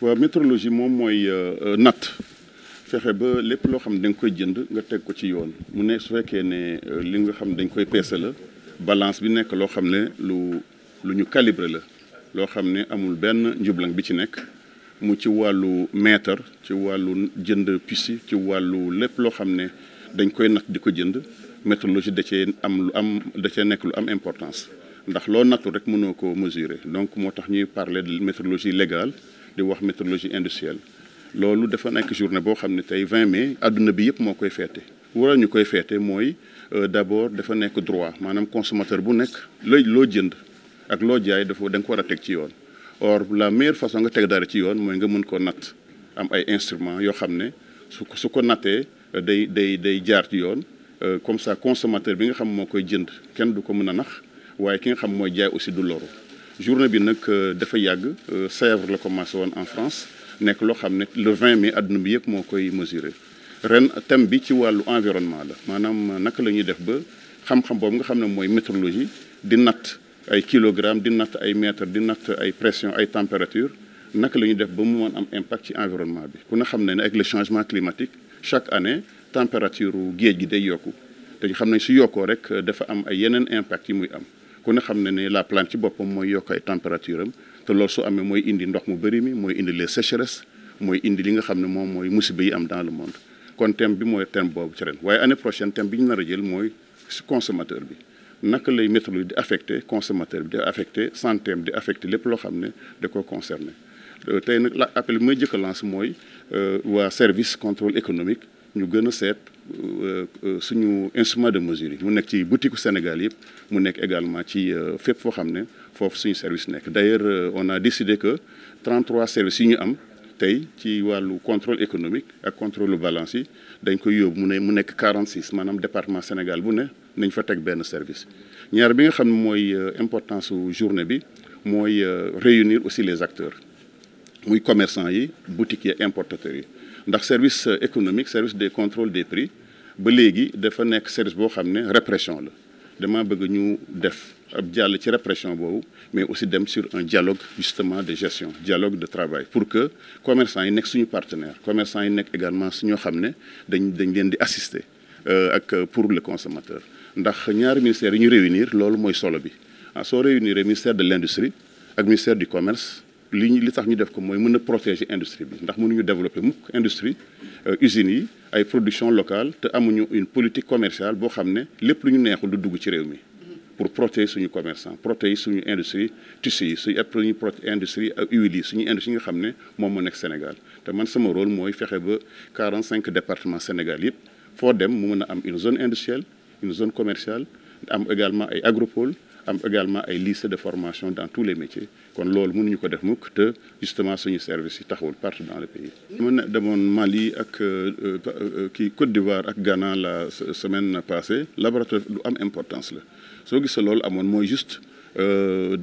waaw métrologie moom mooy euh, euh, natt fexe ba lépp loo xam ne danga koy jënd nga teg ko ci yoon mu ne su fekkee ne euh, li nga xam dañ koy peese la balance bi nekk loo xam ne lu lu ñu calibré la loo xam ne amul benn njublang bi ci nekk mu ci wàllu mètre ci wàllu jënd pisi ci wàllu lépp loo xam ne dañ koy nat di ko jënd métrologie da ce am lu am da cee nekk lu am importance ndax loo nattul rek mënoo ko mesurer donc moo tax ñuy parle de métrologie légale di wax métrologie industrielle loolu dafa nekk journée boo xam ne tey vingt mais adduna bi yëpp moo koy feete waral ñu koy feete mooy euh, d'abord dafa nekk droit maanaam consommateur bu nekk looy loo jënd ak loo jaay dafa da ko war a teg ci yoon or la meilleure façon nga teg dara ci yoon mooy nga mën koo natt am ay instruments yoo xam ne su su ko nattee Euh, day day day jaar ci yoon euh, comme ça consommateur bi nga xam moo koy jënd kenn du ko mën a nax waaye ki nga xam mooy jaay aussi du loru journée bi nag euh, dafa yàgg Sèvres la commencé woon en France nekk loo xam ne le 20 mai àdduna bi yëpp moo koy mesurer ren thème bi ci wàllu environnement la maanaam naka la ñuy def ba xam-xam boobu nga xam ne mooy météorologie di natt ay kilogramme di natt ay mètre di nat ay pression ay température naka la ñuy def ba mu mën am impact ci bi ku ne xam ne ne avec changement climatique chaque année température géej gi day yokku dañ xam ne su yokkoo rek dafa am ay yeneen impact yi muy am kon ne xam ne ni la plante ci boppam mooy yokk ay température am te loolu su amee mooy indi ndox mu bëri mi mooy indi les sécheresses mooy indi li nga xam ne moom mooy musiba yi am dans le monde kon thème bi mooy thème boobu ci ren waaye année prochaine thème bi ñu nar a jël mooy consommateur bi naka lay météo di affecté consommateur bi di affecté santé am di affecté lépp loo xam ne da ko concerné Euh, tey nag la appel bi may jëkk a lancé mooy euh, waa service contrôle économique ñu gën a seet euh, suñu instrument de mesure yi mu nekk ci boutique Sénégal yëpp mu nekk également ci fépp foo xam ne foofu suñu service nekk d'ailleurs on a décidé que 33 services yi ñu am tey ci wàllu contrôle économique ak contrôle balance yi dañ koy yóbbu mu ne mu nekk 46 maanaam département Sénégal bu ne nañ fa teg benn service ñaar bi nga xam ne mooy importance su journée bi mooy réunir aussi les acteurs muy commerçant yi boutiques yi importateurs yi ndax service euh, économique service des contrôles des prix ba léegi dafa nekk service boo xam ne répression la dama bëgg ñu def ab jàll ci répression boobu mais aussi dem sur un dialogue justement de gestion dialogue de travail pour que commerçant yi nekk suñu partenaire commerçant yi nekk également suñoo xam ne dañ dañ leen di assister euh, ak euh, pour le consommateur ndax ñaari ministères yi ñu réunir loolu mooy solo bi ah soo réunir ministère de l'industrie ak ministère du commerce li ñu li tax ñu def ko mooy mën a protéger industrie bi ndax mënuñu développer mukk industrie euh, usines yi ay production locale te amuñu une politique commerciale boo xam ne lépp lu ñu neexul du dugg ci réew mi pour protéger suñu commercant protéger suñu industrie tissu yi suñu après ñu protéger industrie ak euh, huile yi suñu industrie yi nga xam ne moom moo nekk Sénégal te man sama role mooy fexe ba cinq département Sénégal yëpp foo dem mu mën a am une zone industrielle une commerciale am également ay agropole am également ay lycée de formation dans tous les métiers kon loolu mënuñu ko def mukk te justement suñu service yi taxawul partout dans le pays. dama ne demoon Mali ak euh, euh, euh, kii Côte d'Ivoire ak Ghana la semaine passée laboratoire lu am importance la soo gisee loolu amoon mooy juste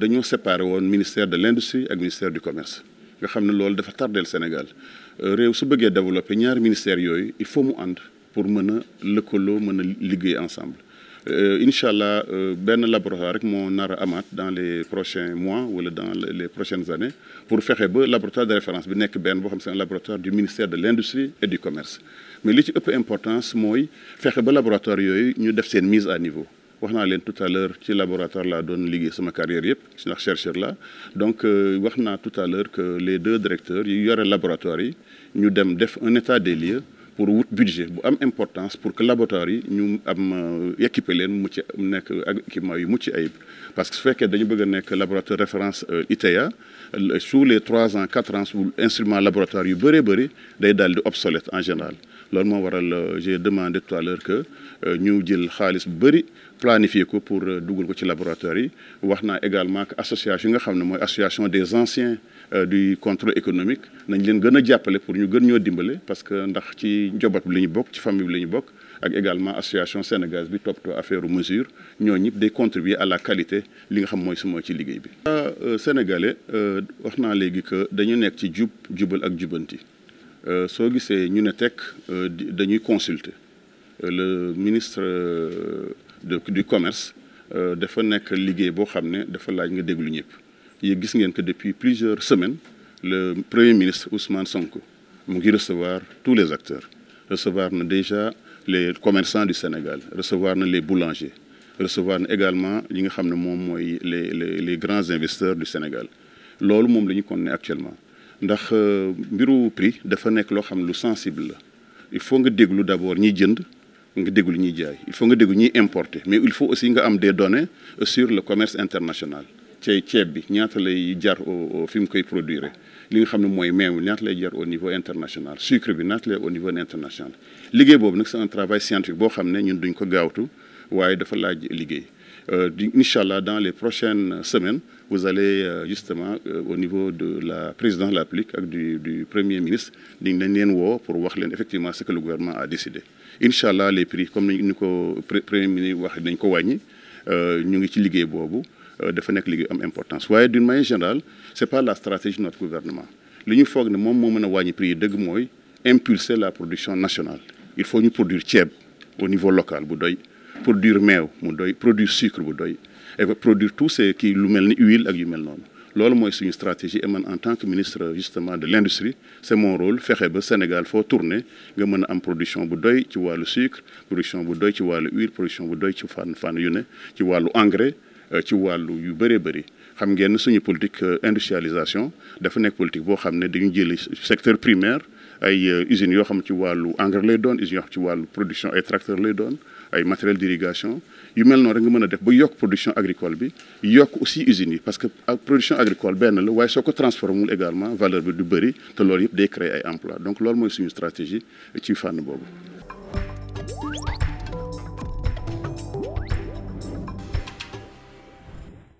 dañoo séparé woon ministère de l'industrie ak ministère du commerce. nga xam ne loolu dafa tardeel Sénégal réew su bëggee développer ñaari ministères yooyu il faut mu ànd pour mën a lëkkaloo mën a liggéey ensemble. Euh, incha allah euh, benn laboratoire rek moo nar a amaat dans les prochains mois wala dans les prochaines années pour fexe ba laboratoire de référence bi nekk benn boo xam c'est un laboratoire du ministère de l'industrie et du commerce mais li ci ëpp importance mooy fexe ba laboratoire yooyu ñu def seen mise à niveau wax naa leen tout à l'heure ci laboratoire la doon liggéey sama carrière yëpp ndax chercheur la donc euh, wax naa tout à l'heure que les deux directeurs yi yore laboratoire yi ñu dem def un état des lieux pour wut budget bu am importance pour que laboratoire yi ñu am euh, équipé leen mu nekk ak équipement yu mucc ayib parce que su fekkee dañu bëgg a nekk laboratoire référence euh, ITA e sous les trois ans quatre ans su instrument laboratoire yu bëree bëri day daal di obsolète en général loolu moo waral euh, j'ai demandé tout que ñu jël xaalis bu bëri planifier ko pour euh, dugal ko ci laboratoire yi wax naa également que association yi nga xam ne mooy association des anciens euh, du contrôle économique nañ leen gën a jàppale pour ñu gën ñoo dimbale parce que ndax ci njobat bi la ñu bokk ci famille bi la ñu bokk ak également association Sénégal bi toppatoo affaire mesure ñoo ñëpp day contribuer à la qualité li nga xam mooy su mooy ci liggéey bi. Euh, sénégalais wax naa léegi que dañu nekk ci jub jubal ak jubanti soo gisee ñu ne tekk dañuy consulter le ministre. du commerce euh, dafa nekk liggéey boo xam ne dafa laaj nga déglu ñëpp yi gis ngeen que depuis plusieurs semaines le premier ministre Ousmane Sonko mu ngi recevoir tous les acteurs recevoir na déjà les commerçants du Sénégal recevoir na les boulangers recevoir na également li nga xam ne moom mooy les les les grands investisseurs du Sénégal loolu moom la ñu kon ne actuellement ndax euh, mbiru prix dafa nekk loo xam ne lu sensible la il faut nga déglu d'abord ñiy jënd nga déglu ñuy jaay il faut nga déglu ñuy importer mais il faut aussi nga am des données sur le commerce international cey ceeb bi ñaata lay jar fi mu koy produire li nga xam ne mooy meew ñaata lay jar au niveau international sucre bi ñaata lay au niveau international liggéey boobu nag c'est un travail scientifique boo xam ne ñun duñ ko gaawtu waaye dafa laaj liggéey euh, di incha allah dans les prochaines semaines vous allez euh, justement euh, au niveau de la président de la République ak du premier ministre di nañ leen woo pour wax leen effectivement ce que le gouvernement a décidé incha allah les prix comme ni ko premier ministre wax nañ ko wàññi euh, ñu ngi ci liggéey boobu dafa nekk liggéey am importance waaye d'une manière générale c'est pas la stratégie de notre gouvernement li ñu foog ne moom moo mën a wàññi prix yi dëgg mooy impulser la production nationale il faut ñu produire ceeb au niveau local bu doy produire meew mu doy produire sucre bu doy elle va produire tout ce qui lu mel ni huile ak yu mel noonu loolu mooy suñu stratégie et man en tant que ministre justement de l'industrie c'est mon rôle fexe ba Sénégal foo tourner nga mën a am production bu doy ci wàllu sucre production bu doy ci wàllu huile production bu doy ci fànn fànn yu ne ci wàllu engrais euh, ci wàllu yu bëree bëri xam ngeen suñu politique euh, industrialisation dafa nekk politique boo xam ne dañu jëli secteur primaire ay euh, usines yoo xam ci wàllu engrais lay doon usines yoo xam ci wàllu production ay tracteurs lay doon ay matériel d'irrigation yu mel noonu rek nga mën a def ba yokk production agricole bi yokk aussi usine yi parce que ah, production agricole benn la waaye soo ko transformé également valeur bi du bëri te loolu yëpp day créer ay emploi donc loolu mooy suñu stratégie ci fànn boobu